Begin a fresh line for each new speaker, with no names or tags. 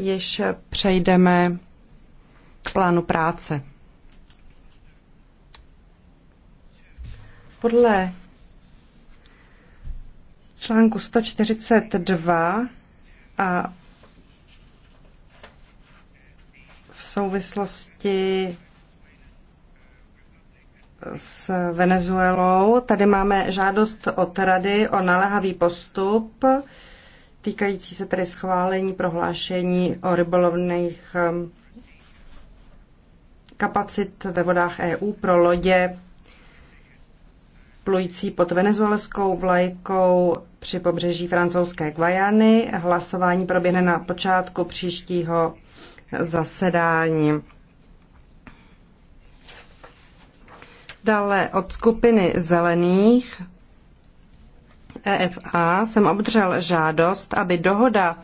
již přejdeme k plánu práce. Podle článku 142 a v souvislosti s Venezuelou. Tady máme žádost od Rady o naléhavý postup týkající se tedy schválení prohlášení o rybolovných um, kapacit ve vodách EU pro lodě plující pod venezuelskou vlajkou při pobřeží francouzské Guajany. Hlasování proběhne na počátku příštího zasedání. Dále od skupiny zelených EFA jsem obdržel žádost, aby dohoda